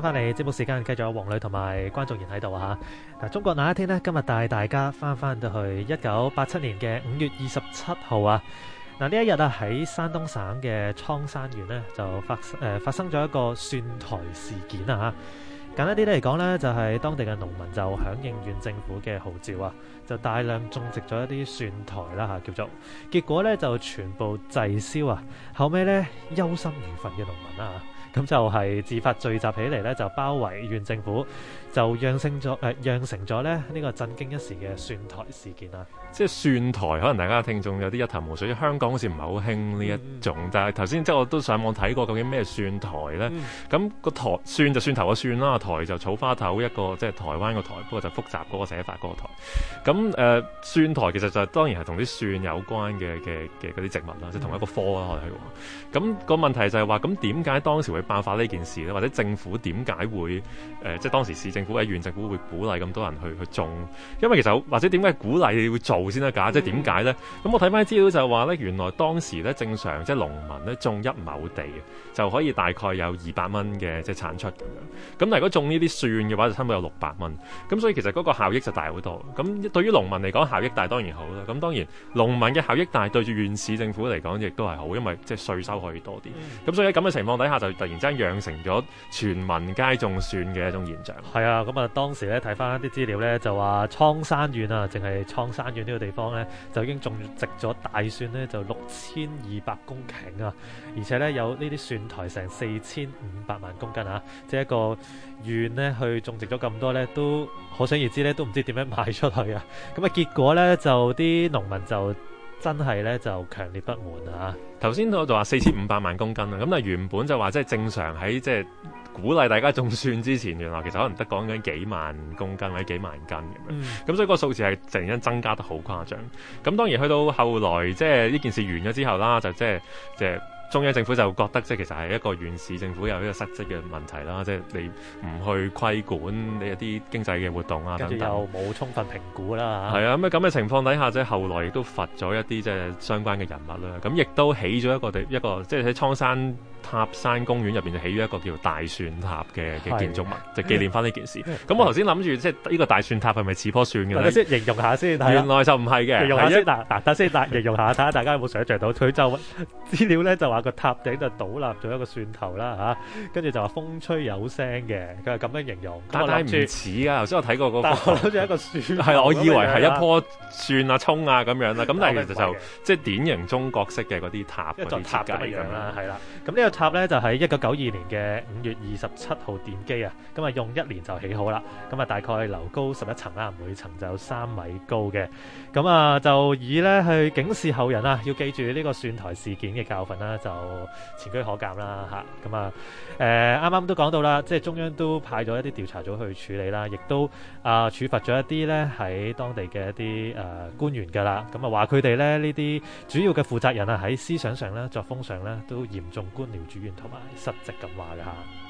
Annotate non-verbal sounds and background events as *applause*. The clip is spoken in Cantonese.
翻翻嚟節目時間，繼續有黃磊同埋關祖賢喺度啊！嗱，中國那一天呢，今日帶大家翻翻到去一九八七年嘅五月二十七號啊！嗱，呢一日啊，喺山東省嘅蒼山縣呢，就發誒、呃、發生咗一個蒜薹事件啊！吓簡單啲嚟講呢，就係、是、當地嘅農民就響應縣政府嘅號召啊，就大量種植咗一啲蒜薹啦吓，叫做結果呢，就全部滯銷啊！後尾呢，憂心如焚嘅農民啦。咁就係自發聚集起嚟咧，就包圍縣政府，就釀、啊、成咗誒釀成咗咧呢、呢個震驚一時嘅蒜薹事件啦，即係蒜薹，可能大家聽眾有啲一,一頭霧水，香港好似唔係好興呢一種、嗯、但係頭先即係我都上網睇過究竟咩蒜薹咧？咁、嗯那個台蒜就蒜頭個蒜啦，台就草花頭一個即係台灣個台，不過就複雜嗰個寫法嗰個台。咁誒蒜薹其實就是、當然係同啲蒜有關嘅嘅嘅嗰啲植物啦，即、就是、同一個科啦可能。咁、嗯那個問題就係話咁點解當時會爆發呢件事咧，或者政府點解會誒、呃，即係當時市政府嘅縣政府會鼓勵咁多人去去種，因為其實或者點解鼓勵你要做先得㗎，即係點解呢？咁、mm -hmm. 嗯、我睇翻啲資料就話呢原來當時呢正常即係農民呢種一畝地就可以大概有二百蚊嘅即係產出咁樣，咁但係如果種呢啲蒜嘅話就差唔多有六百蚊，咁所以其實嗰個效益就大好多。咁對於農民嚟講效益大當然好啦，咁當然農民嘅效益大對住縣市政府嚟講亦都係好，因為即係稅收可以多啲。咁、mm -hmm. 所以喺咁嘅情況底下就。然之後養成咗全民皆種蒜嘅一種現象。係啊，咁啊當時咧睇翻啲資料咧就話，蒼山縣啊，淨係蒼山縣呢個地方咧，就已經種植咗大蒜咧就六千二百公頃啊，而且咧有呢啲蒜薹成四千五百萬公斤啊，即係一個縣咧去種植咗咁多咧，都可想而知咧都唔知點樣賣出去啊，咁啊結果咧就啲農民就。真係咧就強烈不滿啊！頭先我就話四千五百萬公斤啊，咁 *laughs* 啊原本就話即係正常喺即係鼓勵大家種蒜之前原來其實可能得講緊幾萬公斤或者幾萬斤咁樣，咁 *laughs* 所以個數字係突然間增加得好誇張。咁當然去到後來即係呢件事完咗之後啦，就即係即係。就是中央政府就覺得即係其實係一個縣市政府有呢個失職嘅問題啦，即係你唔去規管你一啲經濟嘅活動啊，跟住又冇充分評估啦。係啊，咁嘅咁嘅情況底下，即係後來亦都罰咗一啲即係相關嘅人物啦。咁亦都起咗一個地一個即係喺蒼山塔山公園入面就起咗一個叫大蒜塔嘅嘅建築物，就紀念翻呢件事。咁我頭先諗住即係呢、這個大蒜塔係咪似棵樹㗎？先形容下先，原來就唔係嘅。形容下先嗱嗱，先、啊先，啊先啊、形容下睇下大家有冇想像到佢就 *laughs* 資料咧就啊！個塔頂就倒立咗一個蒜頭啦嚇，跟、啊、住就話風吹有聲嘅，佢係咁樣形容。但係唔似啊！頭先我睇過個，好似一個蒜，係，我以為係一棵蒜啊、葱啊咁樣啦。咁但係其實就即、是、係、就是、典型中國式嘅嗰啲塔嗰啲咁樣啦，係啦。咁呢個塔咧就喺一九九二年嘅五月二十七號奠基啊，咁啊用一年就起好啦。咁啊大概樓高十一層啦，每層就三米高嘅。咁啊就以咧去警示後人啊，要記住呢個蒜薹事件嘅教訓啦。啊就前車可鑒啦，咁、嗯、啊，啱啱都講到啦，即係中央都派咗一啲調查組去處理啦，亦都啊、呃、處罰咗一啲咧喺當地嘅一啲誒、呃、官員噶啦，咁啊話佢哋咧呢啲主要嘅負責人啊喺思想上咧、作風上咧都嚴重官僚主義同埋失職咁話㗎。嗯